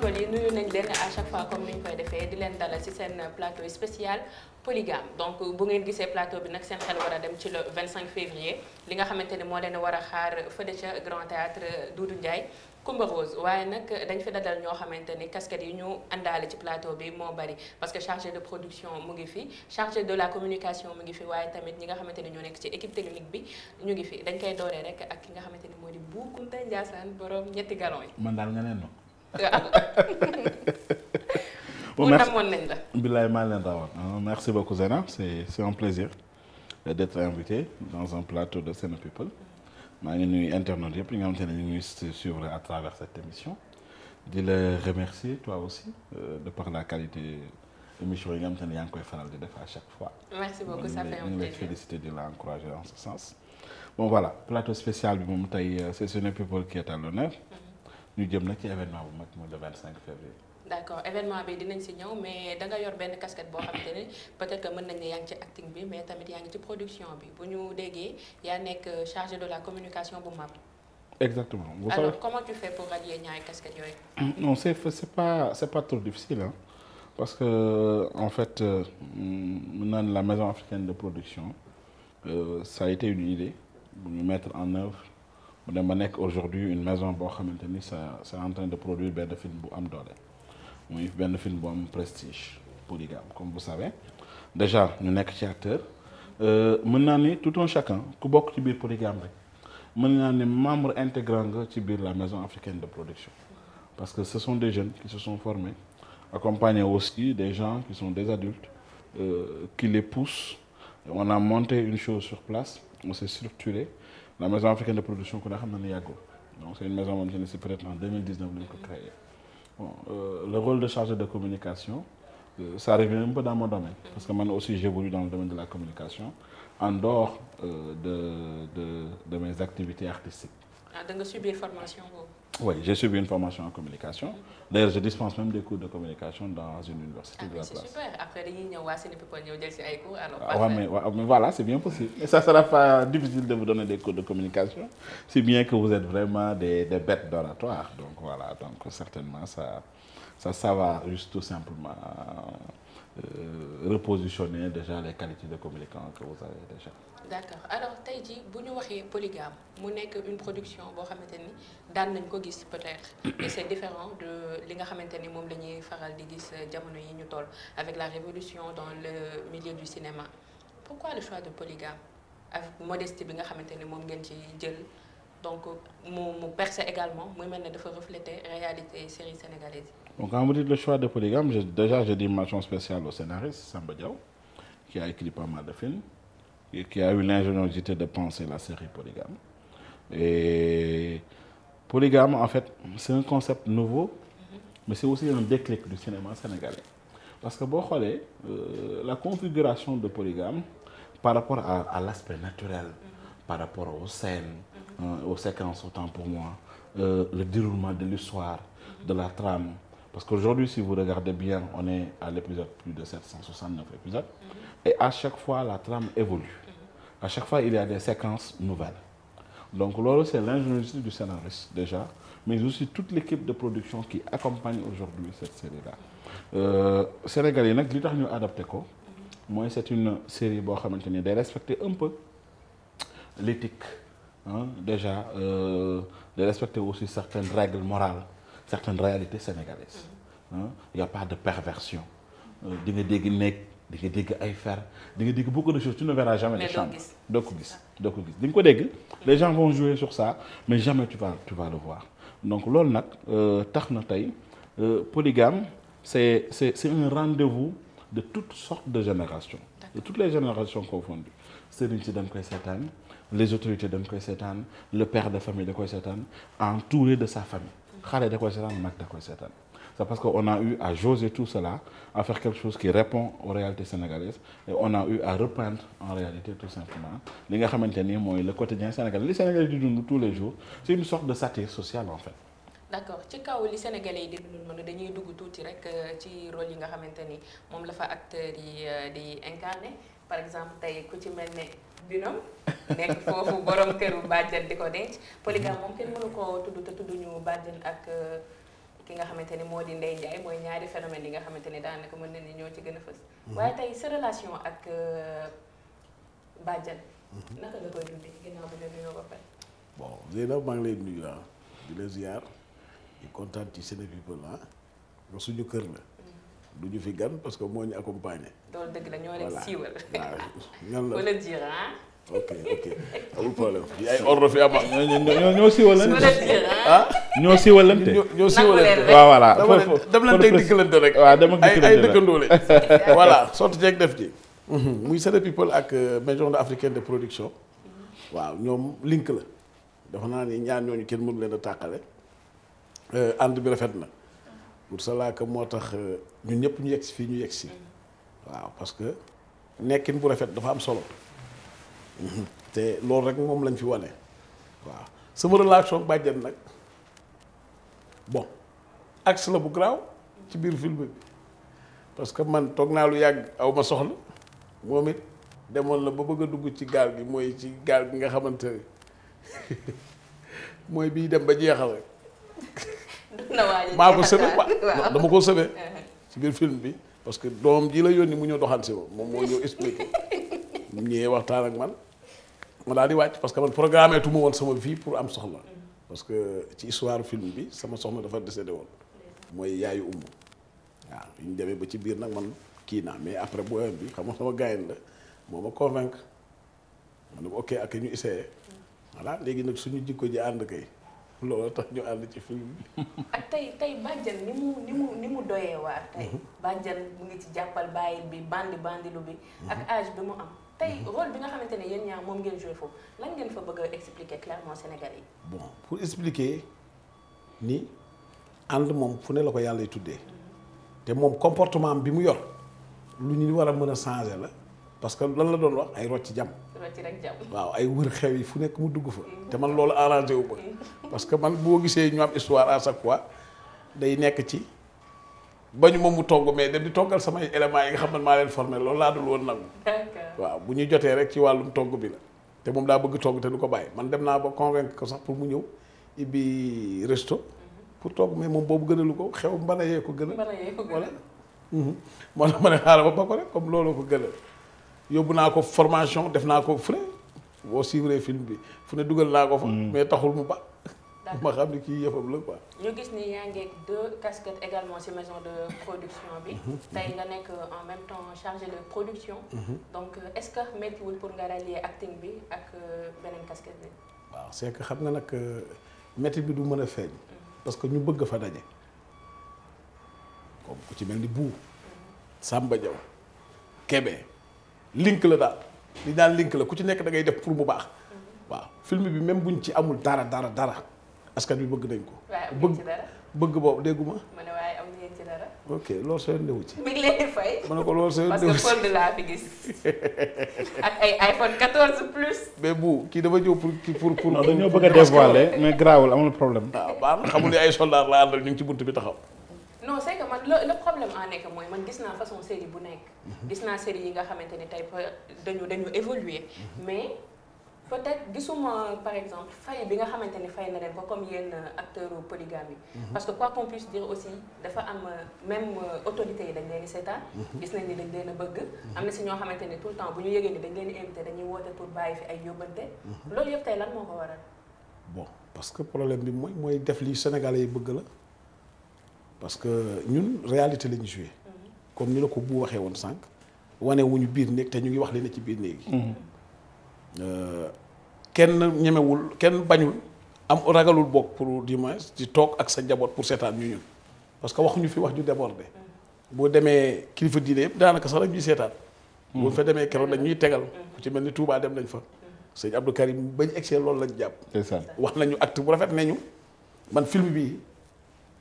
people yi nañ leen à chaque fois comme ni ñu koy defee di leen dalal ci seen plateau spécial polygame donc bu ngeen gisee plateau bi nag seen xel war a dem ci le 25 février li nga xamante ni moo leen war a xaar fële ca Grand Théâtre Doudou Ndiaye Coumba waaye nag dañ fi dadal ñoo xamante ni casquette yi ñu àndaale ci plateau bi moo bari parce que chargé de production mu ngi fi chargé de la communication mu ngi fi waaye tamit ñi nga xamante ni ñoo nekk ci technique bi ñu ngi fi dañ koy dooree rek ak ki nga xamante ni moo di Bou Kounta Ndiassane borom ñetti galon yi. man waaw. merci namoon nañ la. billaay maa leen rawoon ah, merci beaucoup Zena c'est c'est un plaisir d'être invité dans un plateau de Sen People maa ngi nuy internautes yëpp ñi nga xamante ne ñu ngi suivre à travers cette émission di la remercier toi aussi euh, de par la qualité. émission yi nga xamante ne yaa ngi koy faral di def à chaque fois. merci beaucoup ça féliciter di la encourager en ce sens. bon voilà plateau spécial bi moom tey euh, c'est Sen People qui est à l'honneur ñu jëm nag ci événement bu mag muy le 25 février. d' accord événement bi dinañ si ñëw mais da nga yor benn casquette boo xamante ne peut être que mën nañ ne yaa ngi ci acting bi mais tamit yaa ngi ci production bi bu ñu déggee yaa nekk chargé de la communication bu MAP. exactement. Vous alors savez... comment tu fais pour rallier ñaari casquettes yooyu. non c' est pas c' pas trop difficile parce que euh, en fait euh, mu na la maison africaine de production euh, ça a été une idée bu ñu mettre mu ne nekk aujourd'hui une maison boo xamante ni ça c'est en train de produire benn film bu am doole muy benn film bu am prestige polygame comme vous savez déjà ñu nekk ci acteur euh, mën naa ni tout chaque an ku bokk ci biir polygame rek mën naa ni membre intégrant nga ci biir la maison africaine de production parce que ce sont des jeunes qui se sont formés accompagnés aussi des gens qui sont des adultes euh, qui les poussent on a monté une chose sur place la maison africaine de production ku ne xam na ne donc c'est une maison moom ne si peut en euh, le rôle de chargé de communication euh, ça revient un dans mon domaine parce que ma aussi j'évolue dans le domaine de la communication en dehors euh, de de de mes activités artistiques. ah da nga subir formation boobu. Oui, j'ai suivi une formation en communication. je dispense même des cours de communication dans une université ah, de la ah, place. super. Après, les gens cours, alors ah, ouais, mais, ouais, mais voilà, c'est bien possible. Et ça ne sera pas difficile de vous donner de communication, si bien que vous êtes vraiment des, des bêtes d'oratoire. Donc voilà, donc certainement, ça, ça, ça va juste tout simplement euh, repositionner déjà les de communicant que vous avez déjà. d'accord alors tey jii bu ñu waxee polygame mu nekk une production boo xamante ni daan nañ ko gis peut-être et c'est différent de li nga xamante ni moom la faral di gis jamono yi ñu toll avec la révolution dans le milieu du cinéma pourquoi le choix de polygame avec modestie bi nga xamante ni moom ngeen ci jël donc mu mu percer également muy mel ne dafa refléter réalité série sénégalaise donc quand vous le choix de polygame déjà je dis mention spéciale au de films qui a eu l'ingéniosité de penser la série Polygame. Et Polygame, en fait, c'est un concept nouveau, mais c'est aussi un déclic du cinéma sénégalais. Parce que, bon, regardez, euh, la configuration de Polygame, par rapport à, à l'aspect naturel, par rapport aux scènes, mm-hmm. euh, aux séquences, autant pour moi, euh, le déroulement de l'histoire, de la trame, Parce qu'aujourd'hui, si vous regardez bien, on est à l'épisode plus de 769 mhm. Et à chaque fois, la trame évolue. Mhm. À chaque fois, il y a des séquences nouvelles. Donc, l'oro, c'est l'ingénierie du scénariste, déjà, mais aussi toute l'équipe de production qui accompagne aujourd'hui cette série-là. Mhm. Euh, Sénégalais, nous avons adapté quoi Moi, c'est une série qui de respecter un peu l'éthique, hein, déjà, euh, de respecter aussi certaines règles morales. certaines réalités sénégalaises il y a pas de perversion euh, di nga dégg nekk di nga dégg ay fer di nga dégg beaucoup de choses tu ne verras jamais les chambres doo ko gis doo ko gis di ko dégg les gens vont jouer sur ça mais jamais tu vas tu vas le voir donc loolu nag euh, tax na tey euh, polygame c'est c'est c'est un rendez-vous de toutes sortes de générations de toutes les générations confondues sëriñ si dañ koy seetaan les autorités dañ koy seetaan le père de famille da koy seetaan entouré de sa famille xale da koy seetaan mag da koy seetaan c'est parce que on a eu à joser tout cela à faire quelque chose qui répond aux réalités sénégalaises on a eu à repeindre en réalité li nga xamante ni mooy le quotidien sénégalais li sénégalais di dund tous les jours li dugg tuuti rek euh, yi nga xamante ni moom la fa acteurs yi euh, di incarner par exemple tey ku ci mel ne Binom nekk foofu borom këru bàjjen di ko denc polygame moom kenn mënu koo tudd te tudd ñu bàjjen ak uh, ki nga xamante ni moo di Ndeye Ndiaye mooy ñaari phénomène yi nga xamante ni daanaka mën na ni ñoo ci gën a fës. Mm-hmm. waaye tey sa relation ak uh, bàjjen. Mm-hmm. naka nga koy dundee ginnaaw bi nga nuyoo ba pare. bon ah, di la ziar di ci Sénégal ah nga suñu kër la. Mm-hmm. du fi gan parce que moo ñu accompagné. loolu dëgg la ñoo leen siiwal. waaw ñan ok ok amul problème yi ay ordre ñoo ñoo siwalante ah ñoo siwalante ñoo siwalante waaw voilà dem leen voilà sott jeeg def ci mhm. muy Sene People ak euh, maison africaine de production waaw ñoom link la dafa naa ni ñaar ñooñu kenn mënu leen a tàqale euh, ànd bi rafet na pour cela que moo tax euh, ñun ñëpp ñu yegg si fii ñu yegg si mm. waaw parce que nekkin bu rafet dafa am solo te loolu rek moom lañ fi wane waaw sama relation ak bàjjen nag bon axe la bu garaaw ci biir film bi parce que man toog naa lu yàgg aw ma soxla moom it demoon na ba bëgg a dugg ci gaal gi mooy ci gaal bi nga xamante ne mooy bii dem ba jeexal rek. maa ko sëbe quoi dama ko sëbe uh-huh. ci biir film bi parce que doom ji la yónni mu ñëw doxaan si moom moom moo ñëw expliqué mu ñëwee waxtaan ak man. ma daal di wàcc parce que man programmé tu ma woon sama vie pour am soxna parce que ci histoire film bi sama soxna dafa décédé woon mooy yaayu umb waaw ñu demee ba ci biir nag man kii naa mais après booyam bi xam nga sama gaayen la moo ma convaincre ma ne ko ok ak ñu essayé voilà léegi nag suñu jikko ji ànd kay loolu tax ñu ànd ci film bi. ak tey tey bàjjan ni mu ni mu ni mu doyee waar tey mhm. bàjjan mu ngi ci jàppal bàyyil bi bandi bandilu bi ak mhm. tey rôle bi nga moom ngeen joué foofu lan ngeen fa bëgg a expliquer clairement Sénégalais yi. pour expliquer ni ànd moom fu ne la ko yàlla tuddee te moom comportement bi mu yor lu ñu war a mën a changer la parce que lan la doon wax ay rocci jam. rocci waaw ay wër xew yi fu nekk mu dugg fa. Mm. te man loolu arrangé wu ma mm. parce que man boo gisee ñoo am histoire à chaque fois day nekk ci. bañu ma mu togg mais dem di toggal samay éléments yi nga xam ne maa leen formé loolu laa dul woon nangu. waaw bu ñu jotee rek ci wàllum togg bi la. te moom daa bëgg togg te du ko bàyyi man dem naa ba convaincre ko sax pour mu ñëw ibbi resto. pour togg mais moom boobu gënalu ko xew mbana yee ko gënal. mbana yee ko mhm. moo tax ma ne xaaral ba ba ko rek comme looloo ko gënal yóbbu naa ko formation def naa ko frais boo suivre film bi fu ne dugal naa ko fa. Mhm. mais taxul mu ba. ma xam ni kii yëfam la quoi. ñu gis ni yaa ngi deux casquettes également ci maison de production bi. Mhm. Mhm. tey nga nekk en même temps chargé de production. Mhm. donc est ce que méttiwul pour nga rallier acting bi ak euh, beneen casquette bi. waaw c' que xam nga nag euh, métti bi du mën a feeñ. parce que ñu bëgg fa daje. comme ku ci mel ni Bou. Samba Diaw. Kébé. link la daal li daal link la ku ci nekk da ngay def pour mu baax. waaw film bi même buñ ci amul dara dara dara. askan bi bëgg nañ ko. bëgg bëgg boobu dégguma. ma ne waaye am ngeen ci dara. ok loolu soo yëndee ci. mi ngi leen fay. ma ne ko loolu soo yëndee ci ak ay iPhone 14 plus. mais bu kii dafa ñëw pour pour pour. non dañoo bëgg a dévoiler mais garaawul amul problème. Ah, xamul ne ay soldat laa àndal ñu ci bunt bi taxaw. non c'est que man le problème en est que mooy man gis naa façon série bu nekk. gis naa série yi nga xamante ni tey dañu dañu évoluer mhm. mais. peut-être gisuma par exemple fay bi nga xamante ni fay na leen ko comme yenn euh, acteur polygame yi mhm. parce que quoi qu'on puisse dire aussi dafa am euh, même euh, autorités yi dañ leen di seetaan mhm. gis nañ ni dañ leen a bëgg mhm. am na si ñoo xamante ne tout le temps bu ñu yëgee ni dañ leen di invité dañuy woote pour bàyyi fi ay yóbbante loolu yëpp tey lan moo ko waral bon parce que problème bi mooy mooy def li sénégalais yi bëgg la parce que ñun réalité lañu joué comme ñu la ko bu waxee woon sànq wane wuñu biir néeg ñu ngi wax li ci biir néeg kenn ñemewul kenn bañul am ragalul bokk pour du moins di toog ak sa njaboot pour seetaan ñu ñun parce que waxuñu fi wax ju débordé boo demee kilifa diine yëpp daanaka sax rek ñuy seetaan. bu fa demee keroog dañ ñuy tegal ku ci mel ni Touba dem nañ fa. sëñ Abdou bañ egsee loolu lañ jàpp. wax nañu acte bu rafet nee ñu man film bii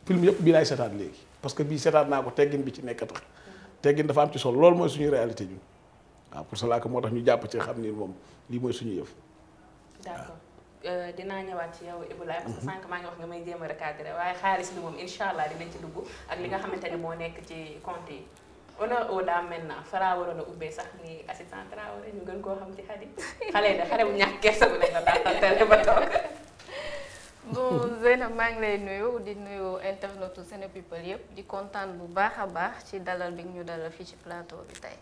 film yëpp bii laay seetaan léegi parce que bii seetaan naa ko teggin bi ci nekk tax teggin dafa am ci solo loolu mooy suñu réalité ñun waaw pour cela que moo tax ñu jàpp ci xam ni moom lii mooy suñu yëf. d'accord euh, dinaa ñëwaat ci yow Ibou Laye parce que mhm. sànq maa ngi wax nga may jéem a recadrer waaye xaalis bi moom incha allah dinañ ci dugg ak li nga mhm. xamante ne moo nekk ci compte yi. honneur aux dames maintenant Fara waroon a ubbee sax ni assistant Traoré ñu gën koo xam ci xadi xale de xale bu ñàkk kersa bu nekk ba toog. bon Zeynab maa ngi lay nuyu di nuyu internautes Sénégal yëpp di kontaan bu baax a baax ci dalal bi ñu dalal fii ci plateau bi tey.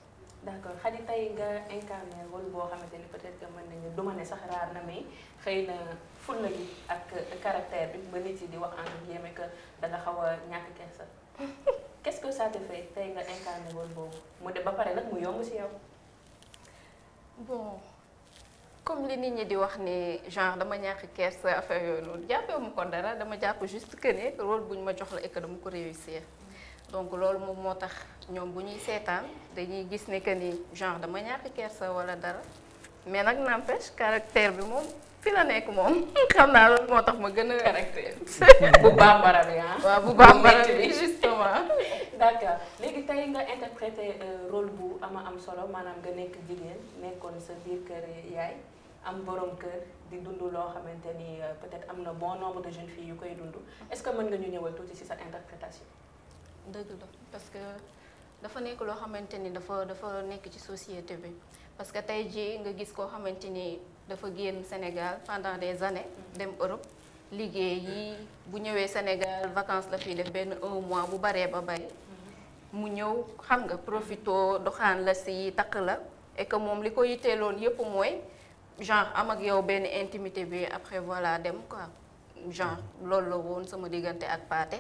d' accord xadi tey nga incarné rôle boo xamante ni peut-être que mën nañu du ma ne sax raar na mais xëy na fulla gi ak caractère bi ba nit yi di wax entre guillemets que nga xaw a ñàkk kersa. qu'est-ce que sa te fait tey nga incarné rôle boobu mu de ba pare nag mu yomb si yow. bon comme li nit ñi di wax ne genre dama ñàkk kersa affaire yooyu noonu jàppee mu ko dara dama jàpp juste que ne rôle bu ñu ma jox la et que dama ko réussir. donc loolu moom moo tax ñoom bu ñuy seetaan dañuy gis ne que ni genre dama ñàkk kersa wala dara mais nag n'empêche caractère bi moom fi la nekk moom xam naa loolu moo tax ma gën a. caractère bu bambara bi ah. waaw bu bambara bi justement d'accord léegi tey nga interprété euh, rôle bu am a am solo maanaam nga nekk jigéen nekkoon sa biir kër yaay am borom kër di dund loo xamante ni euh, peut-être am na bon nombre de jeunes filles yu koy dund est-ce que mën nga ñëwal tuuti ci sa interprétation. dëgg la parce que dafa nekk loo xamante ni dafa dafa nekk ci société bi parce que tey ji nga gis koo xamante ni dafa génn Sénégal pendant des années dem Europe liggéey yi bu ñëwee Sénégal vacances la fiy def benn un mois bu baree ba bay mu ñëw xam nga profito doxaan la si takk la et que moom li ko yitteeloon yépp mooy genre am ak yow benn intimité bi après voilà dem quoi genre loolu la woon sama diggante ak Pathé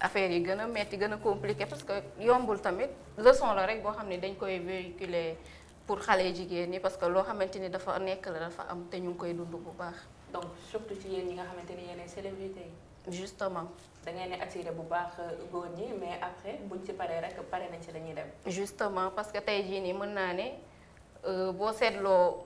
affaire yi gën a metti gën a compliqué parce que yombul tamit leçon la rek boo xam ne dañ koy véhiculer pour xale jigéen ñi parce que loo xamante ni dafa nekk la dafa am te ñu ngi koy dund bu baax. donc surtout ci yéen ñi nga xamante ni yéen ay célébrité yi. justement. da ngeen di attiré bu baax euh, góor ñi mais après buñ ci paree rek pare nañ ci la ñuy dem. justement parce que tey jii nii mën naa ne euh, boo seetloo.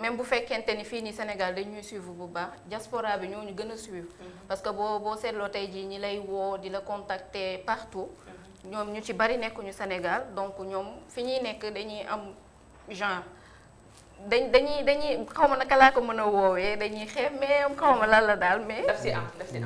même bu fekkente ni fii nii Sénégal dañuy suivre bu baax diaspora bi ñoo ñu gën a suivre. Mhm. parce que boo boo seetloo tey jii ñi lay woo di la contact contacter partout. Mhm. ñoom ñu ci bari nekkuñu Sénégal donc ñoom fi ñuy nekk dañuy am genre dañ dañuy dañuy xaw ma naka laa ko mën a woowee dañuy xeeb mais xaw ma lan la daal mais. daf si am daf si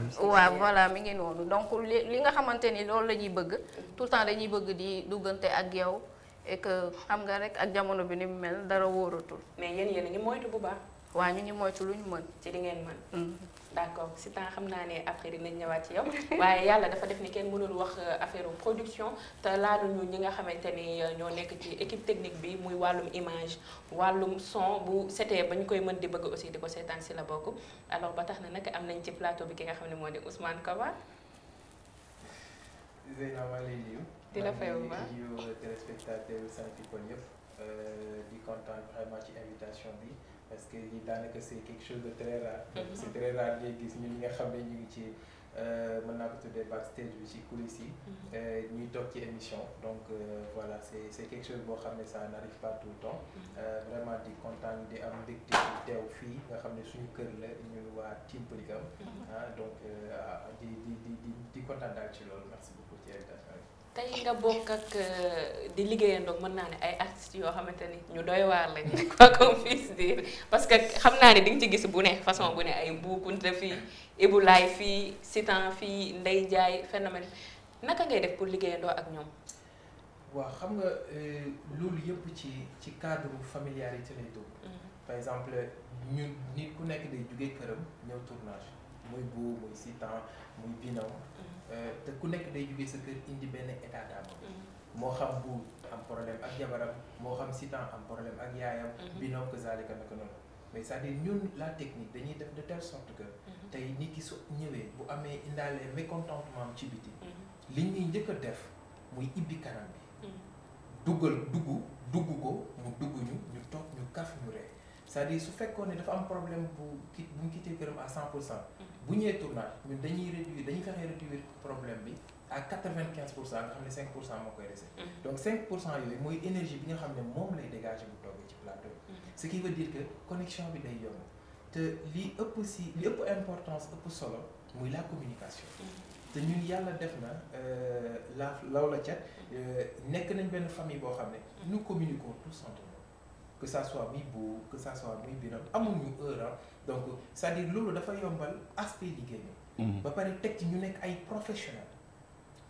voilà mi ngi noonu donc li li nga xamante ni loolu la ñuy bëgg. Mhm. tout le temps dañuy bëgg di duggante ak yow. et que xam nga rek ak jamono bi ni mu mel dara wóoratul. mais yéen yéen a ngi moytu bu baax. waa ñu ngi moytu lu ñu mën. ci li ngeen mën. Mm. d'accord si temps xam naa ne après dinañ ñëwaat ci yow waaye yàlla dafa def ni kenn mënul wax euh, affaire production te laaluñu ñi nga xamante ni euh, ñoo nekk ci équipe technique bi muy wàllum image wàllum son bu setee ba ñu koy mën di bëgg aussi di ko seetaan si la bokk alors ba tax na nag am nañ ci plateau bi ki nga xam ne moo di Ousmane Kaba. di la fay bu baax di nuyu téléspectateur Senpeople euh, di kontaan vraiment ci invitation bi parce que lii daanaka c' est quelque chose de très rare. Mhm. c' très rare ngay gis ñun yi nga xam ne ñu ngi ci euh, mën naa ko tuddee backstage bi ci coulisses yi. Mhm. Euh, ñuy toog ci émission donc voilà c' est c' est quelque chose boo xam ne ça n' arrive pas tout le temps. Mhm. vraiment di kontaan di am mbégte di teew fii nga xam ne suñu kër la ñun waa Team Brikam ah donc ah, di di di di kontaan daal ci loolu tey nga bokk ak euh, di liggéeyandoo mën naa ne ay artistes yoo xamante ni ñu doy waar lañu quoi qu'on puisse dire parce que xam naa ne di nga ci gis bu ne façon bu ne ay Mbuukunta fii Ibou fii fii Sitan fii Ndeye Ndiaye phénomène naka ngay def pour liggéeyandoo ak ñoom. waaw xam nga euh, loolu yëpp ci ci cadre familiarité lay dugg. Mhm. par exemple ñun nit ku nekk day jugee këram ñëw tournage muy Bou muy Sitan muy Binaw. Mhm. Euh, te ku nekk day jógee sa kër indi benn état d'âme mm. moo xam bu am problème ak jabaram moo xam sitan am problème ak yaayam mm-hmm. binoom que zalika naka noonu mais cest à ñun la technique dañuy def de telle sorte que mm-hmm. tey nit ki su ñëwee bu amee indaalee mécontentement am ci biti mm-hmm. li ñuy njëkk a def muy ibbi kanam bi duggal dugg dugg ko mu dugg ñu ñu toog ñu kaf ñu ree cest à su fekkoon ne dafa am problème bu ki bu mu quitté këram à cent pour cent bu ñëwee tournage ñun dañuy réduire dañuy fexe réduire problème bi à quatre vingt quinze pour cent nga xam ne cinq pour cent moo koy dese. Mm-hmm. donc cinq pour cent mooy énergie bi nga xam ne moom lay dégager bu toogee ci plateau mm-hmm. ce qui veut dire que connexion bi day yomb te li ëpp si li ëpp importance ëpp solo muy la communication. Mm-hmm. te ñun yàlla def na euh, la law la cat euh, nekk nañ benn famille boo xam ne nous communiquons tous que ça soit muy Bou que ça soit muy Biram ñu heure donc c'est-à-dire loolu dafa yombal aspect liggéey bi. Mm-hmm. ba pare teg ci ñu nekk ay professionnel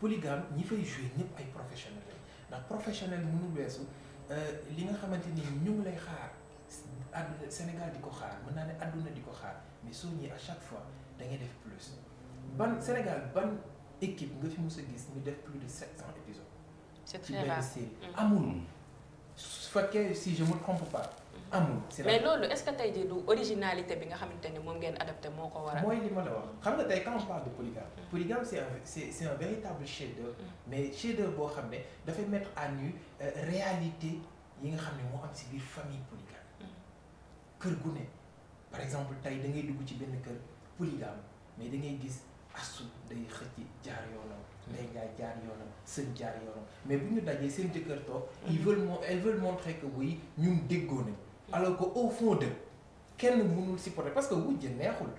polygame ñi fay jouer ñëpp ay professionnel lañ ndax professionnel mënul weesu euh, li nga xamante ni ñu ngi lay xaar àdduna Sénégal di ko xaar mun naa ne àdduna di ko xaar mais soo ñëwee à chaque fois da ngay def plus ban Sénégal ban équipe nga fi mu a gis ñu def plus de sept cent épisodes. c'est très rare série mm. amul. Mm. fa fekkee si je me trompe pas amul. si mais loolu est-ce que tey jii du originalité bi nga xamante ne moom ngeen adapté moo ko waral. mooy li ma la wax xam nga tey quand on parle de polygame. Mm. polygame c'est un c'est c'est véritable chef-d'œuvre mm. mais chef-d'œuvre boo xam ne dafay mettre à nu euh, réalité yi nga xam ne moo am si biir famille polygame. Mm. kër gu ne par exemple tey da ngay dugg ci benn kër polygame mais da ngay gis asu day xëcc jaar yoonam. Ndeye Ndiaye jaar yoonam sëñ jaar yoonam mais bu ñu dajee seen jëkkër toog ils veulent mo elles veulent montrer que oui ñun déggoo nañ alors que au fond de kenn mënul supporter parce que wujje neexul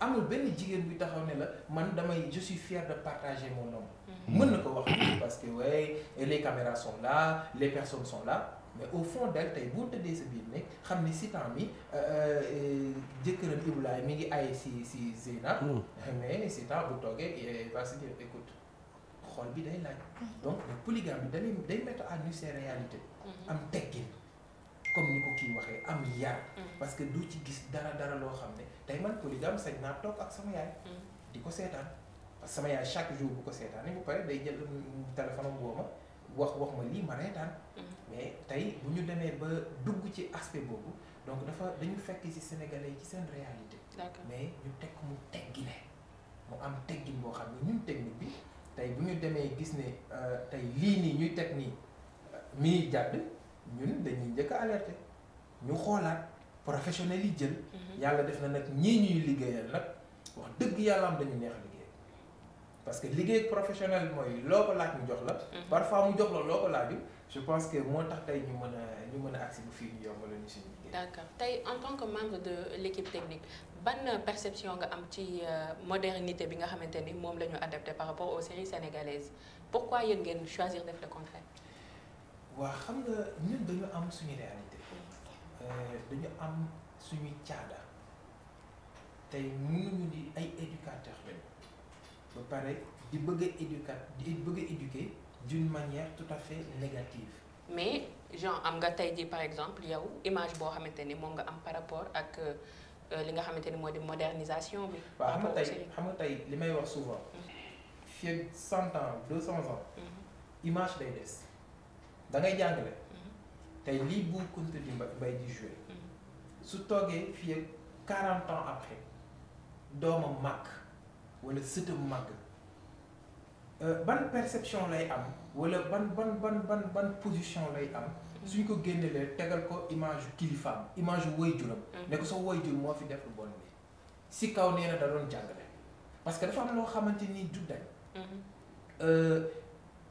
amul benn jigéen bi taxaw ne la man damay je suis fier de partager mon homme mm-hmm. mën na ko wax parce que way ouais, les caméras la le les personnes la mais au fond del tey boo tëddee sa biir nekk xam ni si temps mi euh, euh, jëkkëram Ibrahima mi ngi ay si si Zeyna mm. mais bu toogee va se écoute xool bi day laaj. donc le polygame bi day day mettre à nu ses mm-hmm. am teggin comme ni ko kii waxee am yar. Mm-hmm. parce que du ci gis dara dara loo xam ne tey man polygame sañ naa toog ak sama yaay. Mm-hmm. di ko seetaan parce que sama yaay chaque jour bu ko seetaan bu pare day jël téléphone am woo ma wax wax ma lii ma reetaan. mais tey bu ñu demee ba dugg ci aspect boobu donc dafa dañu fekk ci sénégalais yi ci seen réalité. mais ñu teg mu teggine mu am teggin boo xam ne ñu technique bi. tey bu ñu demee gis ne euh, tey lii nii ñuy teg nii mi ngi jàdd ñun dañuy njëkk alerte ñu xoolaat professionnel yi jël. Mhm. yàlla def na nag ñii ñuy liggéeyal nag wax dëgg yàlla am dañu neex liggéey parce que liggéey professionnel mooy loo ko laaj mu jox la. Mhm. parfois mu jox la loo ko laajul. je pense que moo tax tey ñu mën a ñu mën a agsi bu fii ñu yombal ñu suñu liggéey. d'accord tey en tant que membre de l'équipe technique ban euh, perception nga am ci euh, modernité bi nga xamante ni moom la ñu par rapport aux séries sénégalaises pourquoi yéen ngeen choisir def le contraire. waa xam nga ñun dañu am suñu réalité euh, dañu am suñuy caada tey mënuñu di ay éducateur lañu ba pare di bëgg a éducat di bëgg a éduquer d'une manière tout à fait négative. mais genre am nga tey jii par exemple yow image boo xamante ni moom nga am par rapport ak. Euh, li nga xamante ne moo di modernisation bi. waaw xam nga tey xam nga tey li may wax souvent. Mm-hmm. fii ak cent ans deux cent ans. Mm-hmm. image day des da ngay jàngale. Mm-hmm. tey lii bu Kounta di Mbaye di joué. su toogee fii ak quarante ans après doomam màgg wala sëtam màgg euh, ban perception lay am wala ban ban ban ban ban position lay am. suñ ko génnelee tegal ko image kilifaam image woy juram mm-hmm. ne ko soo woy jur moo fi def lu bon bi si kaw nee na da doon jàngale parce que dafa am loo xamante ni juddañ mm-hmm. euh,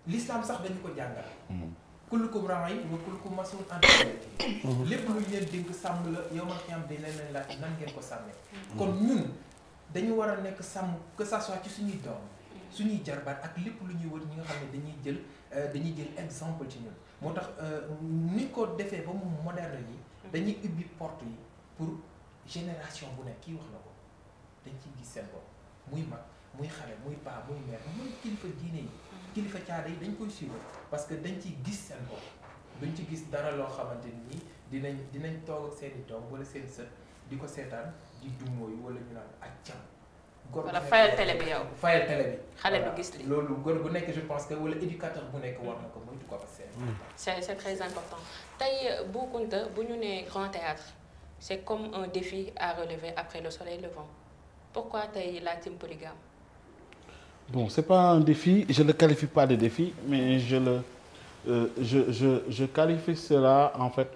l'islam sax dañu ko jàngal mm-hmm. kullukum raay wa kullukum masul an lépp luñ leen dénk sàmm la yow ma xiyam di leen leen nan ngeen ko sàmmee kon ñun dañu war a nekk sàmm que ça soit ci suñuy doom suñuy jarbaat ak lépp lu ñuy wër ñi nga xam ne dañuy jël euh, dañuy jël exemple ci ñun moo tax euh, ni ko defee ba mu moderne yi dañuy ibbi porte yi pour génération bu nekk kii wax na ko dañ ciy gis seen bopp muy mag muy xale muy paa muy mère muy kilifa diine yi kilifa caada yi dañ koy suivre que dañ ciy gis seen bopp duñ ci gis dara loo xamante nii dinañ dinañ toog seeni seen i doom wala seen sët di ko seetaan di dummóoyu wala ñu naan ak cam góor fayal télé bi yow fayal télé bi. xale du gis li loolu bu nekk je pense que wala éducateur bu nekk war na ko moytu ko parce que. Hmm. c'est très important tey Bou ñu nee grand théâtre c'est comme un défi à relever après le soleil levant pourquoi tey la team polygame. bon c'est pas un défi je le qualifie pas de défi mais je le euh, je je qualifie cela en fait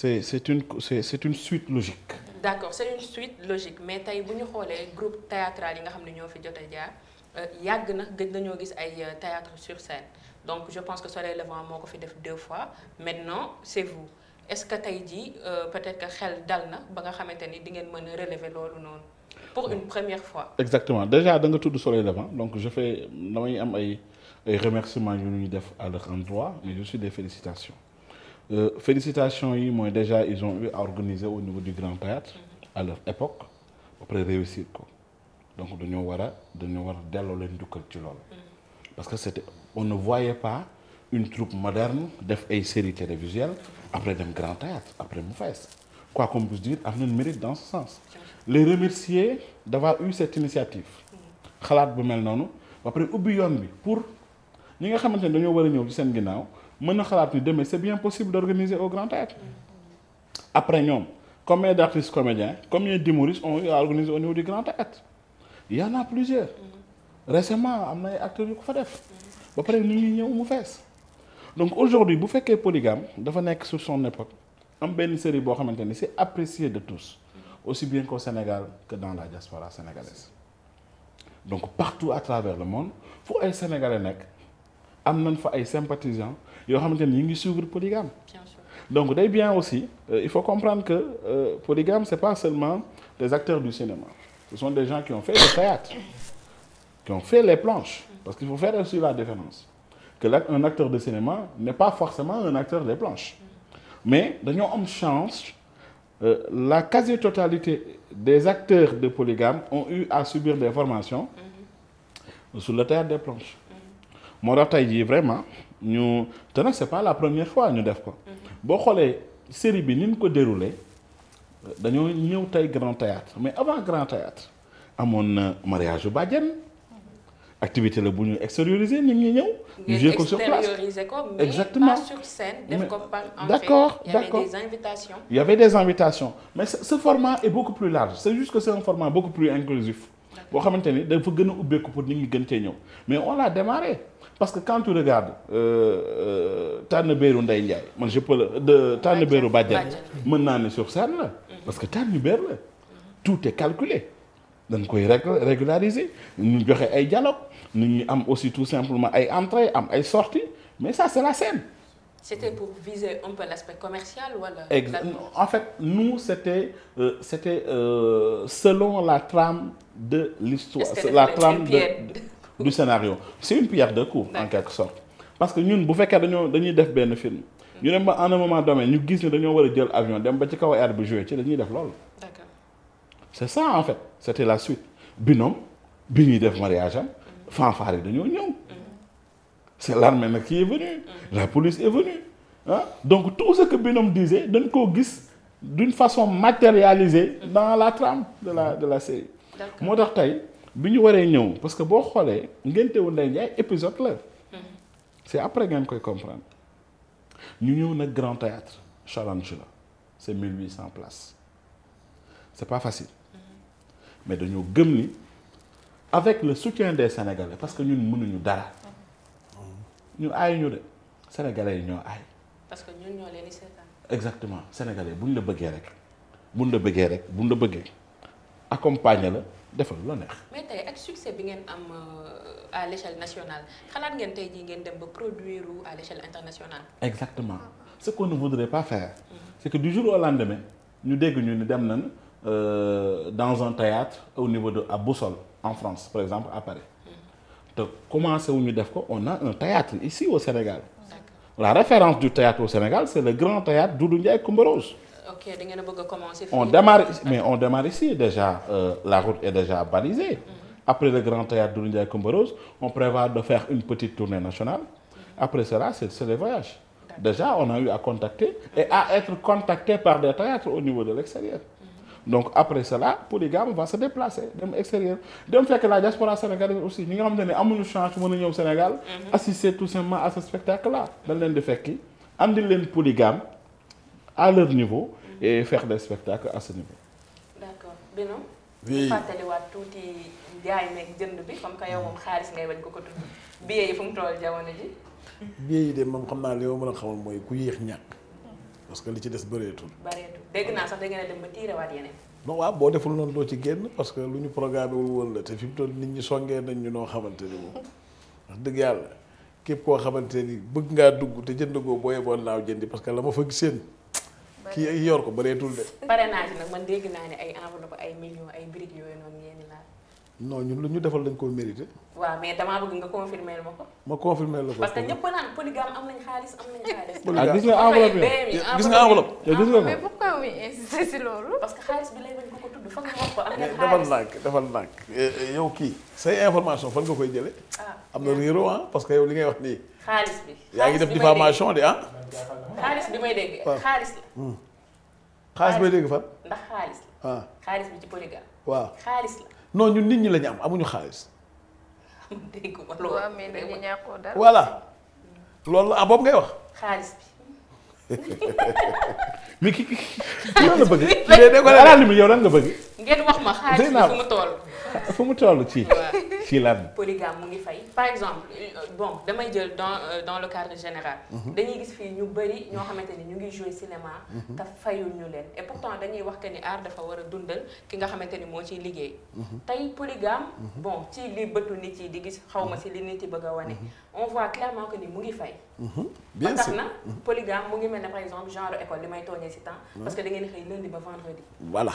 c'est c'est une c'est c'est une suite logique. d'accord c'est une suite logique mais tey bu ñu xoolee groupe théâtral yi nga xam ne ñoo fi jot a jaar euh, yàgg na gëj nañoo gis ay euh, théâtre sur scène donc je pense que Soleil Levant moo ko fi def deux fois maintenant c'est vous est-ce que tey jii euh, peut-être que xel dal na ba nga xamante ni di ngeen mën a relever loolu noonu. pour une première fois. exactement déjà da nga tudd Soleil Levant donc je fais damay am ay ay remerciements ñuy def à leur endroit des félicitations. Euh, félicitations yi mooy déjà ils ont eu à organiser au niveau du Grand Théâtre à leur époque après réussir ko donc dañoo war a dañoo war a delloo leen njukkal ci lool parce que c'était on ne voyait pas une troupe moderne def ay séries télévisuelles après dem Grand Théâtre après mu fees quoi qu'on puisse dire am nañ mérite dans ce sens les remercier d'avoir eu cette initiative xalaat bu mel noonu ba ubbi yoon bi pour ñi nga xamante ne dañoo war a ñëw ci seen ginnaaw mën na xalaat ni demee c'est bien possible d'organiser au Grand Théâtre après ñoom combien d'artistes comédiens combien d'humoristes ont on à organiser au niveau du Grand Théâtre il y plusieurs récemment am na ay acteurs yu ko fa def ba pare nit ñi ñëw mu fees donc aujourd'hui bu fekkee polygame dafa nekk sur son époque am benn série boo xamante ni c'est apprécié de tous aussi bien qu'au Sénégal que dans la diaspora sénégalaise donc partout à travers le monde fu ay sénégalais nekk am nañ fa ay sympathisants yoo xamante ni ñu ngi suivre polygame. bien donc day bien aussi euh, il faut comprendre que euh, polygame c'est pas seulement des acteurs du cinéma ce sont des gens qui ont fait le théâtre qui ont fait les planches parce qu'il faut faire aussi la différence que un acteur de cinéma n'est pas forcément un acteur des planches mais dañoo am chance euh, la quasi-totalité des acteurs de polygame ont eu à subir des formations mm-hmm. sur le théâtre des planches moo tax vraiment ñu te c'est pas la première fois ñu def ko. boo xoolee série bi ni ñu ko déroulé dañoo ñëw tey grand théâtre mais avant grand théâtre amoon na mariage yu bàjjen activité la bu ñu extérioriser nit ñi ñëw. ñu joué ko sur place ko mais exactement pas ko par en fait d'accord d'accord il y des invitations. mais ce format est beaucoup plus large c'est juste que c'est un format beaucoup plus inclusif boo xamante ni dafa gën a ubbeeku pour nit ngi gën cee ñëw mais on l'a démarré. parce que quand tu regardes euh, euh, Tànnbéeru Ndeye Ndiaye man je peux la de Tànnbéeru Badiane mën naa ne sur scène parce que Tànnbéer la tout es calculé dañ koy régulariser ñu joxe ay dialogue nu ñu am aussi tout simplement ay entrées am ay sorties mais ça c'est la scène c'était pour viser un peu l'aspect commercial wala en fait nous c'était euh, c'était euh, selon la trame de l'histoire la trame de du scénario c'est une pierre de coups en quelque sorte parce que ñun bu fekkee dañoo dañuy def benn film ñu dem ba en un moment donné ñu gis ne dañoo war a jël avion dem ba ci kaw air bi joué ci dañuy def loolu c'est ça en fait c'était la suite binom bi ñuy def mariage am fanfare yi dañoo ñëw c'est l'armée nag qui est venue la police est venue donc tout ce que binom disait dañ koo gis d'une façon matérialisée dans la trame de la de la série moo tax tey bi ñu waree ñëw parce que boo xoolee ngénte wu Ndeye Ndiaye épisode la mm-hmm. c'est après ngeen koy comprendre ñu ñëw nag grand théâtre Charanchula c'est mille cent places c'est pas facile mm-hmm. mais dañoo gëm ni avec le soutien des sénégalais parce que ñun mënuñu dara mm-hmm. ñun aay ñu de sénégalais yi ñoo aay. parce que ñun ñoo leen di seetaan. la bëggee rek buñ la bëggee rek buñ la bëggee accompagner la. defal lu la neex. mais tey ak succès bi ngeen am euh, à l'échelle nationale xalaat ngeen tey jii ngeen dem ba produire à l'échelle internationale. exactement ce qu'on ne voudrait pas faire. Mm-hmm. c'est que du jour au lendemain ñu dégg ñu ne dem nañ euh, dans un théâtre au niveau de à Boussole en France par exemple à Paris. Mm-hmm. te commencé wu ñu def ko on na un théâtre ici au Sénégal. la référence du théâtre au Sénégal c'est le grand théâtre Doudou Ndiaye Coumba Rose ok a bëgg a commencer. on démarre mais on démarre ici déjà euh, la route est déjà balisée. Mhm. après le grand théâtre Doudou Ndiaye Coumba on prévoit de faire une petite tournée nationale. Mhm. après cela c'est c'est les voyages. déjà on a eu à contacter et à être contacté par des théâtres au niveau de l'extérieur. Mhm. donc après cela Polygame va se déplacer dem extérieur dem fekk la diaspora sénégalaise aussi ñi nga xam ne amuñu chance mën a ñëw Sénégal. assister tout simplement à ce spectacle là. dañ leen à leur niveau et faire des spectacles à ce niveau. d'accord Benoît. oui tuuti jaay meeg jënd bi comme que yow moom xaalis ngay bañ ko ko tudd billet yi fu toll jamono ji. billet yi de moom xam naa li ma mën a xamal mooy ku yéex ñàkk parce que li ci des bëreetul. bëreetul a boo deful noonu loo ci génn parce que lu ñu programme wul woon la te fi mu toll nit ñi songee nañ ñu noo xamante ni moom wax dëgg yàlla képp koo xamante ni bëgg ngaa dugg te jënd goo boo yeboon naaw jëndi parce que la ma fa seen kii yor ko bëreetul de. parrainage nag man dégg naa ne ay enveloppe ay millions ay briques yooyu noonu ngeen di laal. lu ñu defal dañ koo mérité. waaw mais damaa bëgg nga confirmer ma ko. ma confirmer la ko ah, gis nga enveloppe yi ah, si loolu. parce que xaalis bi lay bañ ko ko tudd foog am na eh, xaalis eh, kii say information fan nga koy ah. am na ah parce que yow li ngay wax nii. xaalis bi yaa ngi def diffamation de ah. xaalis bi may dégg. xaalis la. xaalis may dégg fan. ndax xaalis la. xaalis bi ci polygame. waaw xaalis la. non ñun nit ñi lañu am amuñu xaalis. dégg nga loolu. waaw la ah boobu ngay wax. xaalis bi. mais ki ki lan la bëgg. mais dégg nga yow lan nga bëgg. ngeen wax ma xaalis bi fu mu toll. fu mu toll ci. ci lan polygame mu ngi fay. par exemple bon damay jël dans euh, dans le cadre général. Mhm. dañuy gis fii ñu bëri ñoo mhm. xamante ni ñu ngi jouer cinéma. Mhm. te fayul leen et pourtant dañuy wax que ni art dafa war a dundal ki nga xamante ni moo ciy liggéey. tey polygame. bon ci li bëtu nit yi di gis xaw ma si li nit yi bëgg a wane. on voit que mu ngi fay. Mhm. bien sûr na mhm. polygame mu ngi mel ne par exemple genre école li may tooñee si temps. parce que da ngeen xëy lundi ba vendredi. voilà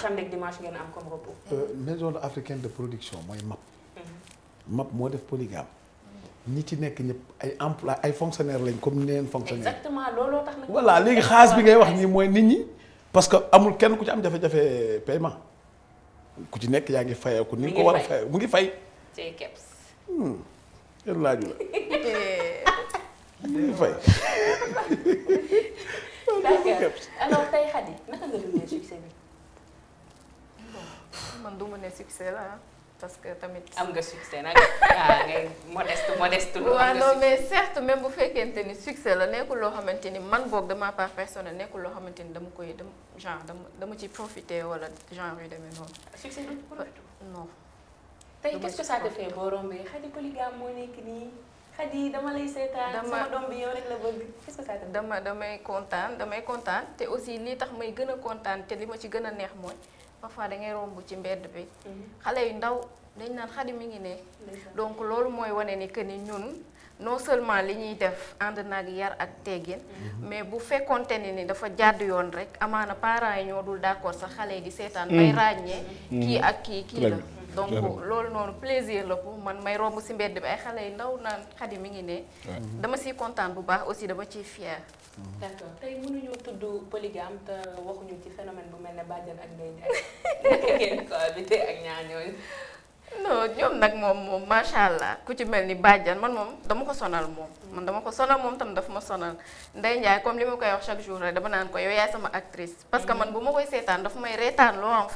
euh, de production mooy MAP. MAP mhm. moo def polygame. ñi ci nekk ñëpp ay emploi ay fonctionnaires lañ comme neen fonctionnaire exactement looloo tax léegi xaalis bi ngay wax nii mooy nit ñi. parce que amul kenn ku ci am jafe-jafe paiement ku ci nekk yaa ngi fayeeku ni ko war a fay mu ngi fay. kenn laaju la. ñu fay. d'accord alors tey Khady naka nga dundee succès bi. man du ma ne succès la ah. parce que tamit. am nga succès nag ah ngay modeste modeste. lu am non mais bu fekkente ni succès la nekkul loo xamante ni man boog de ma part nekkul loo xamante ni dama koy dama genre dama dama ciy profité wala genre yu demee noonu. succès du non. tey qu'est-ce que ça te fait boo rombee xadi polygame moo nekk nii xadi dama lay seetaan. dama sama doom bi yow rek la bëgg dama damay kontaan damay kontaan te aussi lii tax may gën a kontaan te li ma ci gën a neex mooy parfois da ngay romb ci mbedd bi. Mhm. xale yu ndaw dañ naan xadi mi ngi ne. donc loolu mooy wane ni que ni ñun. non seulement li ñuy def ànd naag yar ak teggin mhm. mais bu fekkonte ne ni dafa jàdd yoon rek amaana parent yi ñoo dul d'accord sax xale yi seetaan. Mm. bay ràññee. Mhm. kii ak kii donc loolu noonu plaisir la pour man may romb si mbedd bi ay xale yu ndaw naan xadi mi ngi ne. Mhm. dama siy kontaan bu baax aussi dama ciy fier. Mhm. d' accord tey mënuñu tudd polygame te waxuñu ci phénomène bu mel ne bàjjan ak ndey jaay ngeen ñaar ñooñu. non ñoom nag moom moom macha allah ku ci mel ni bàjjan man moom dama ko sonal moom. Mhm. man ko sonal moom tam daf ma sonal Ndeye Ndiaye comme li ma koy wax chaque jour rek dama naan ko yow yaay sama actrice. parce que man bu ma koy seetaan daf may reetaan loo en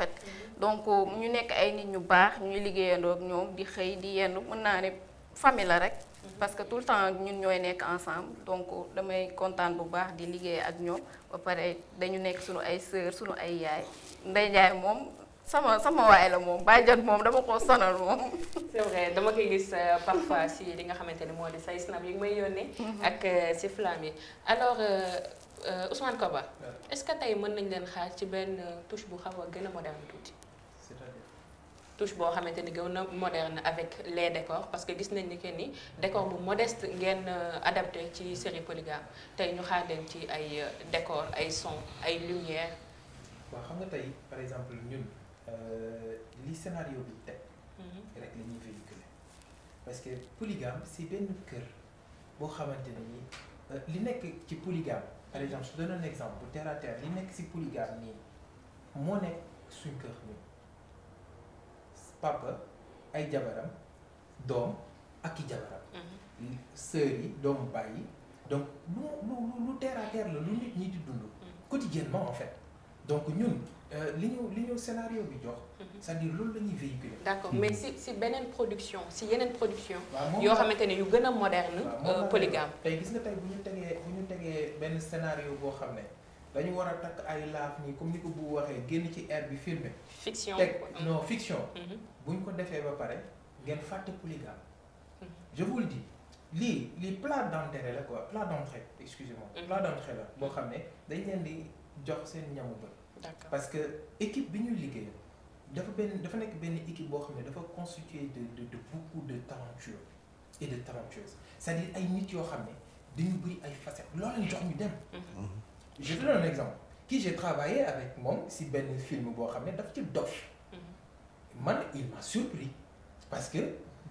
donc euh, ñu nekk ay nit ñu baax ñuy liggéeyandoo ak ñoom di xëy di yendu mën naa ne famille la rek. parce que tout le temps ñun ñooy nekk ensemble donc euh, damay kontaan bu baax di liggéey ak ñoom ba pare dañu nekk suñu ay sœur suñu ay yaay ndeyjaay moom sama sama waaye la moom bàjjan moom dama ko sonal moom. c'est vrai dama koy gis euh, parfois si li nga xamante ni moo di say snap yi may yónnee. Mhm. ak si flamme yi alors Ousmane Koba. est-ce que tey mën nañ leen xaar ci benn touche bu xaw gën a moderne tuuti. touche boo xamante ni gën na moderne avec les décors parce que gis nañ ni que ni décor bu modeste ngeen euh, adapté ci série polygame tey ñu xaar leen ci ay euh, décor ay son ay lumière waaw xam nga tey par exemple ñun euh, li scénario bi teg mhm. rek la ñuy véhiculer parce que polygame si benn kër boo xamante ne ni li nekk ci polygame par exemple su donne exemple bu terre à terre li nekk si polygame nii moo nekk suñ kër nii papa ay jabaram doom ak i jabaram mm-hmm. sœur yi doomu baay yi donc lu lu lu terre à la lu nit ñi di dund mm-hmm. quotidiennement en fait donc ñun euh, li ñu li ñu scénario bi jox mm-hmm. c'est-à-dire loolu la ñuy véhiculer d'accord mais si si beneen production si yeneen production yoo xamante ni yu gën a moderne euh, polygame tey gis nga tey bu ñu tegee bu ñu tegee benn scénario boo xam ne dañu war a takk ay laaf nii comme ni ko bu waxee génn ci air bi filmé. fiction teg non fiction. Mhm. ñu ko defee ba pare ngeen fàtte polygame. Mhm. je vous le lii lii plat d'entrée la quoi plat d'entrée excusez-moi. Mhm. plat d'entrée la boo xam ne dañ leen di jox seen ñamu bët. parce que équipe bi ñuy liggéeyal dafa benn dafa nekk benn équipe boo xam ne dafa constituée de de de beaucoup de talentueux et de talentueuses c'est-à-dire ay nit yoo xam ne dañu bëri ay facettes loolu lañ jox ñu dem. je te donne un exemple qui j'ai travaillé avec moom si benn film boo xam ne dafa ci dof mhm. man il m'a surpris parce que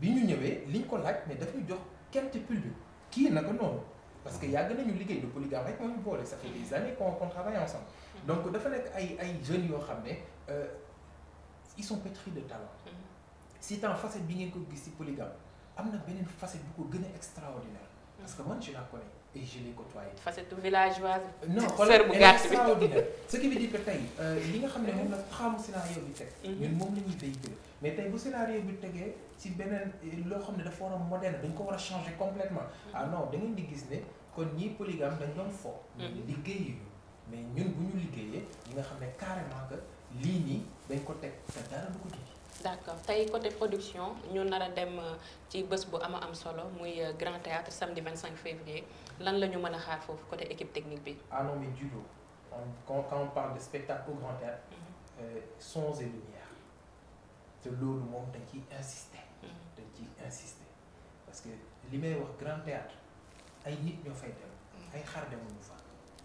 bi ñu ñëwee liñ ko laaj mais daf ñu jox quinte pulbe kii naka noonu parce que yàgg nañu liggéey de polygame rek moo boole sa fait des années qu'on qu'on ensemble mhm. donc dafa nekk ay ay jeunes yoo xam ne euh, ils sont pétris de talent mhm. si tant facette bi ngeen ko gis si polygame am na beneen facette bu ko gën a extraordinaire parce que man je la et je l'ai côtoyé. facette villageoise. Euh, non xoolal bu gàtt bi ce qui veut dire tey euh, li nga xam ne moom la xaamu scénario bi teg. Mhm. ñun moom la ñuy véhiculer mais tey bu scénario bi tegee ci beneen euh, loo xam ne dafa war a moderne dañ ko war a changer complètement mhm. ah non da ngeen di gis ne kon ñii polygame dañ doon fo. Mhm. liggéeyi mais ñun bu ñu liggéeyee ñi nga xam ne carrément que lii nii dañ ko teg te dara du ko tudd. d'accord tey côté production ñu nar a dem ci bës bu ama am solo muy Grand Théâtre samedi 25 février. lan la ñu mën a xaar foofu côté équipe technique bi. à ah nom du judo on quand on parle de spectacle au grand théâtre. Mhm. Euh, lumière te loolu moom dañ ciy insister. Mhm. dañ ci insister parce que li may wax grand théâtre ay nit ñoo fay dem. Mhm. ay xar demuñu fa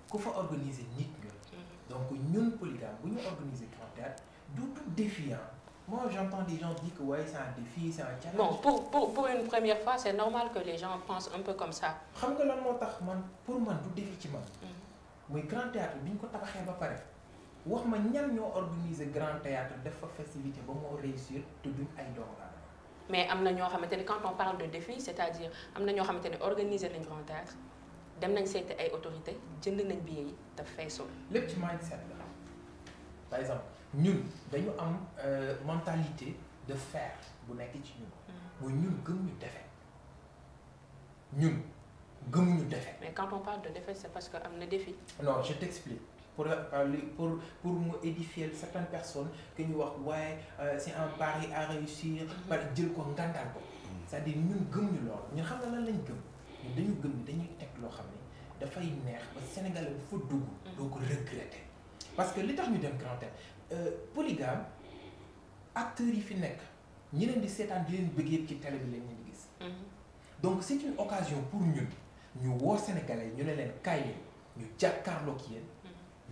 ku fa organiser nit ñun. donc ñun polygame bu ñu organiser grand théâtre du tout défiant. Moi, j'entends des gens dire que ouais, c'est un défi, c'est un challenge. pour, pour, une première fois, c'est normal que les gens pensent un peu comme ça. xam nga lan moo tax man pour man du défi ci man. muy mm-hmm. grand théâtre bi ñu ko tabaxee ba pare wax ma ñan ñoo organiser grand théâtre def fa festivité ba moo réussir te duñ ay doomu aadama. mais am na ñoo xamante ni quand on parle de défi c'est-à-dire am na ñoo xamante ni organiser nañ grand théâtre dem nañ seeti ay autorités jënd nañ billets yi te feesul. lépp ci mindset ñun dañu am euh, mentalité de fer bu nekk ci ñun. Mm. mooy ñun ñu defe ñun gëmuñu défaite. mais quand on de défaite c'est parce que am na défi. non je t'explique pour euh, pour pour mu édifier certaines personnes que ñu wax waaye euh, c'est un pari à réussir. Mm-hmm. par jël ko ngantaan ko. Mm. c'est-à-dire ñun gëmuñu lool ñun xam nga lan lañ gëm ñun dañu gëm dañuy teg loo xam ne dafay neex ba Sénégal bu fa dugg. Mm. doo ko regretter. parce que li tax ñu dem grand théâtre euh, polygame acteurs yi fi nekk ñi leen di seetaan di leen bëggee ci télé bi lañ gis. Mhm. donc c' est pour ñun ñu woo sénégalais ñu ne leen kaay leen ñu jàkkaarloog yéen.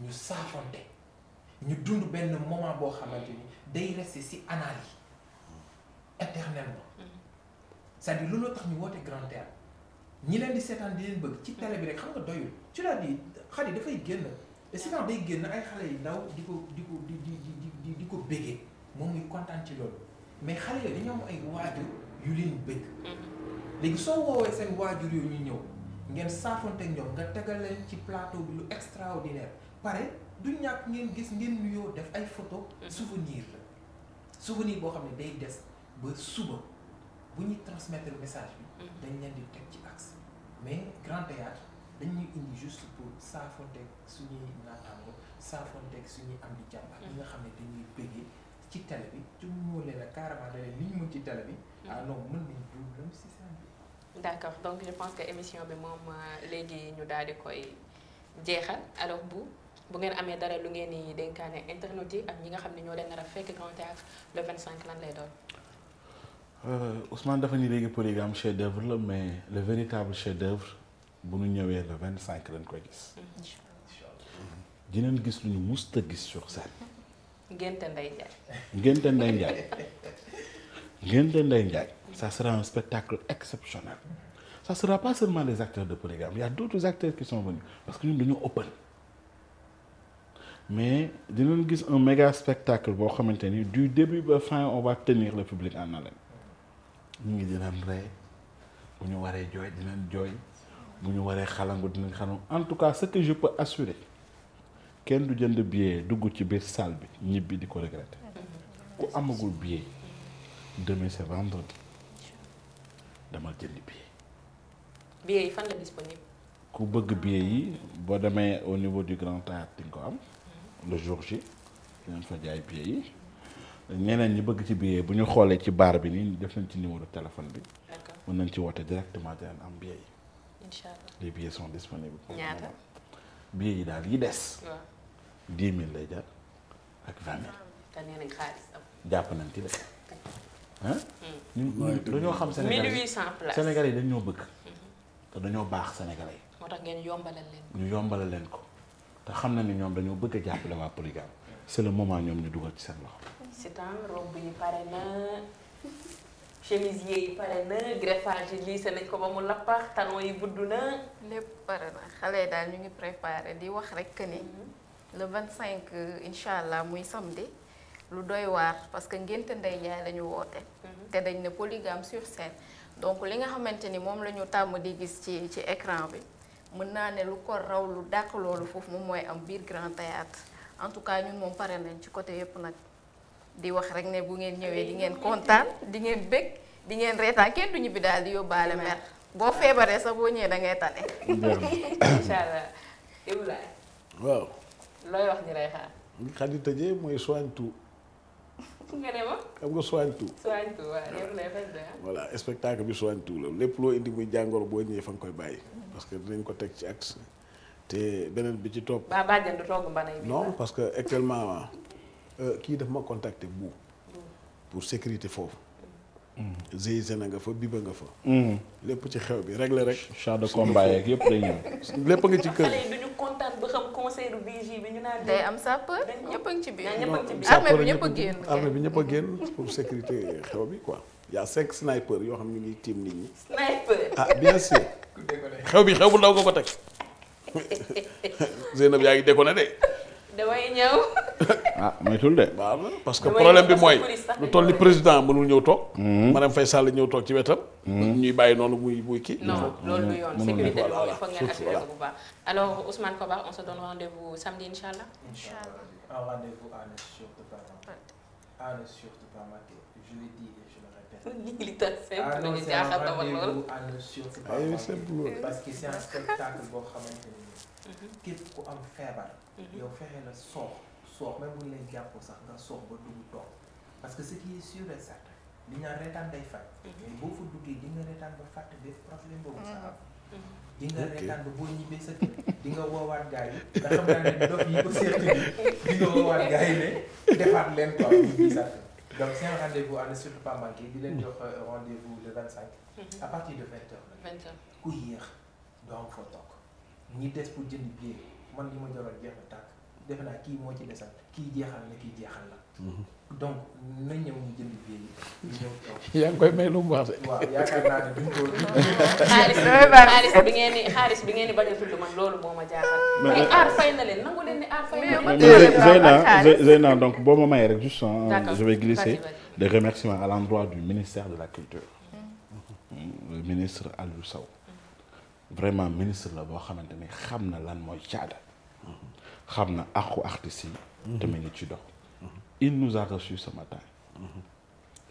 Mhm. dund benn moment boo xamante ni day rester ci annales yi mhm. éternellement. cest tax ñu woote grand théâtre di seetaan di leen bëgg ci télé bi rek xam nga doyul ci laa di xar dafay génn. et sinon day génn ay xale yu ndaw di ko di ko di di di di ko béggee moom muy kontaan ci loolu mais xale yooyu dañoo am ay waajur yu leen bëgg. Mm-hmm. léegi soo woowee seen waajur yooyu ñuy ñëw ngeen saafoonte ak ñoom nga tegal leen ci plateau bi lu extraordinaire pare du ñàkk ngeen gis ngeen nuyoo def ay photo mm-hmm. souvenir la souvenir boo xam ne day des ba suba bu ñuy transmettre message bi. Mm-hmm. dañ leen di teg ci axe mais grand théâtre dañuy indi juste pour saafonteeg suñuy naataango saafonteeg suñuy am di jàmm mm. ak nga xam ne dañuy bëggee ci télé bi ci moo leen a carrément da li ñu mën ci télé bi mm. ah non mën donc que émission bi moom euh, léegi ñu daal di koy jeexal alors bu bu ngeen amee dara lu ngeen di dénkaane internet yi ak ñi nga xam ne ñoo leen nar fekk Grand Théâtre le 25 lan lay doon. Euh, Ousmane dafa ni léegi programme chef d'œuvre la mais le véritable chef d'œuvre bu ñu ñëwee le vingt cinq lañ koy gis. dinañ gis lu ñu musta gis sur scène. Ngénte Ndeye Ndiaye. Ngénte Ndeye Ndiaye. Ngénte Ndeye Ndiaye. ça sera un spectacle exceptionnel. ça sera pas seulement les acteurs de Polygame il y a d'autres acteurs qui parce que ñun dañoo open. mais dinañ gis un méga spectacle boo xamante ni du début ba fin on va tenir le public en ñu ngi dinañ rey bu ñu waree jooy dinañ jooy. bu ñu waree xalangu dinañ xalangu en tout cas ce que je peux assurer kenn du jënd billet dugg ci biir salle bi ñibbi di ko regretter ku amagul billet demain c'est vendredi demal jënd billet. billet ku bëgg billet yi boo demee au niveau du Grand Théâtre di nga ko am le jour J dinañ fa jaay billet yi ñeneen ñi bëgg ci billet bu ñu xoolee ci baar bi nii def nañ ci numéro téléphone bi. mën nañ ci woote directement dinañ am billet yi. incha allah les billets sont disponibles. ñaata billets yi daal yi des. waaw dix mille lay jar ak vingt mille. te jàpp nañ ci de. ah. Hmm. mooy dañoo xam Sénégal mille huit cent places Sénégal yi dañoo bëgg. Hmm. te dañoo baax Sénégal yi. moo tax ngeen yombalal leen ñu yombalal leen ko te xam na ni ñoom dañoo bëgg a jàppale waa Polygame. c' le moment ñoom ñu dugal ci seen loxo. si temps romb yi pare na. chemisier yi pare na greffage yi liise nañ ko ba mu lappax talon yi budd na. lépp pare na xale yi daal ñu ngi préparé di wax rek que ni. Mhm. le cinq incha allah muy samdi lu doy waar parce que ngénte Ndeye Ndiaye la ñu woote. Mhm. te dañ ne polygame sur scène. donc li nga xamante ni moom la ñu tàmm di gis ci ci écran bi mën naa ne lu ko raw lu dàq loolu foofu moom mooy am biir grand théâtre en tout cas ñun moom pare nañ ci côté yëpp nag. di wax rek ne bu ngeen ñëwee di ngeen kontaan di ngeen bég di ngeen reetaan kenn du ñibbi daal di yóbbaale mer boo feebaree sax boo ñëwee da ngay tane. incha allah Ibrahima. waaw. looy wax ñu lay xaar. xam nga tëjee mooy soigne-tout. nga ne ma. xam nga ah. bi soigne-tout la lépp loo indi muy jàngoro boo ñëwee fa nga koy bàyyi. parce que dinañ ko teg ci axe. te beneen bi ci topp. ba bàjjen du togg mbanay bi. non parce que actuellement. Euh, kii def ma contacter bu pour sécurité foofu. Mm. GIGN nga fa biba nga fa. Mm. lépp ci xew bi réglé rek. champ de combat yeeg yëpp day ñëw. lépp nga ci kër yi duñu kontaan ba xam conseil du BG bi ñu naan. day am sapeur ñëpp a ngi ci biir. armée bi ñëpp bi ñëpp génn pour sécurité xew bi quoi. y' a cinq sniper yoo xam ne ñu ngi tiim nit ñi. sniper ah bien sûr. xew bi xew bu ndaw nga ko teg. Zeynab yaa ngi déconné de. damay ñëw. ah moytul de. waaw parce que problème bi mooy lu toll ni président mënul ñëw toog. Mhm. madame Faye Sall ñëw toog ci wetam. Mhm. ñuy bàyyi noonu muy muy kii. non loolu yoon sécurité bi il faut ngeen assurer ko bu baax. alors Ousmane Kobar on se donne rendez-vous allah. Mhm. képp ku am feebar. Mhm. yow fexe la soox soox même bu leen jàppoo sax nga soox ba dugg toog parce que ce qui est sûr et reetaan day faj. Mhm. mais boo fa duggee di nga reetaan ba fàtte bépp problème boobu sax am. di nga reetaan ba boo ñibbee sa kër di nga woowaat gars yi nga xam naa ne dof yi ko seet nga woowaat gars yi defaat leen quoi ñibbi sa kër donc seen rendez-vous à ne surtout mm. euh, le vingt cinq à partir de vingt heures la. vingt heures ku yéex doo am foo toog ñi des pour jënd billet man li ma joroon jeex na tàkk defe naa kii moo ci desal kii jeexal na kii jeexal na. Mhm. donc na ñëw ñu jënd billet yi ñëw toog. yaa ngi koy may lu mu wax de. waaw yaakaar naa ne duñ ko. xaalis xaalis bi ngeen di xaalis bi ngeen di bañ a tudd man loolu moo ma jaaxal. mais aar fay na leen nangu leen ni aar fay na leen. Zeyna donc boo ma mayee rek juste. je vais glisser des remerciements à l'endroit du ministère de la culture. Mhm. le ministre Aliou Sow. vraiment ministre la boo xamante ni xam na lan mooy caada xam na àqu artistes yi. te mi ngi ci dox. il nous a reçu ce matin.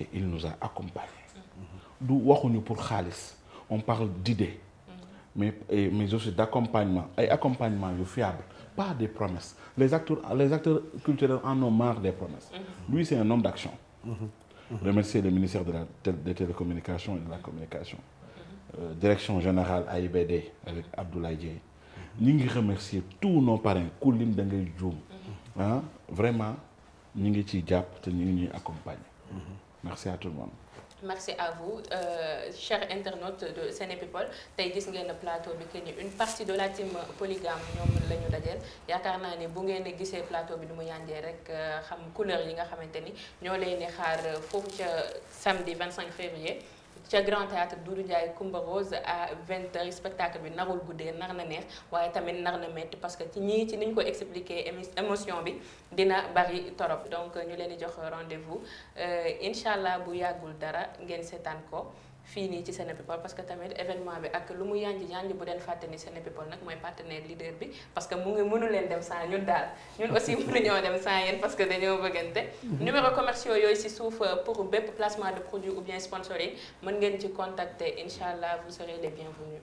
et il nous a accompagné. du waxuñu pour xaalis on parle d'idée mais mais aussi d'accompagnement ay accompagnement yu fiable pas des promesses les acteurs les acteurs culturels en ont marre des promesses. lui c'est un homme d'action. Mhm. remercier le ministère de télécommunication et de la communication. Euh, direction générale AIBD avec Abdoulaye ñu ngi remercier tout no parrains ku lim da ngay juum ah vraiment ñu ngi ci jàpp te ñu ngi ñuy accompagner merci à tout le monde. merci à vous euh, chers internautes de Sénépipol tey gis ngeen plateau bi que ni une partie de la team polygame ñoom la ñu yaakaar naa ni bu ngeen gisee plateau bi du mu yànjee rek euh, xam couleur yi nga xamante ni ñoo leen di xaar euh, foofu ca samedi 25 février. ca Grand Théâtre Doudou Ndiaye jaay Rose à 20h spectacle bi narul guddee nar na neex waaye tamit nar na métti parce que ci ñii ci niñ ko expliqué émotion bi dina bari torop donc ñu leen di jox rendez-vous euh, incha allah bu yàggul dara ngeen seetaan ko. fii nii ci Senepipol parce que tamit événement bi ak lu mu yanj yanj bu den fàtte ni Senepipol nag mooy partenaire leader bi parce que mu ngi mënu leen dem sans ñun daal ñun aussi mënuñoo dem sans yéen parce que dañoo bëggante mhm. numéro commerciaux yooyu si suuf euh, pour bépp placement de produit ou bien sponsor yi mën ngeen ci contacter incha allah vous serez les bienvenus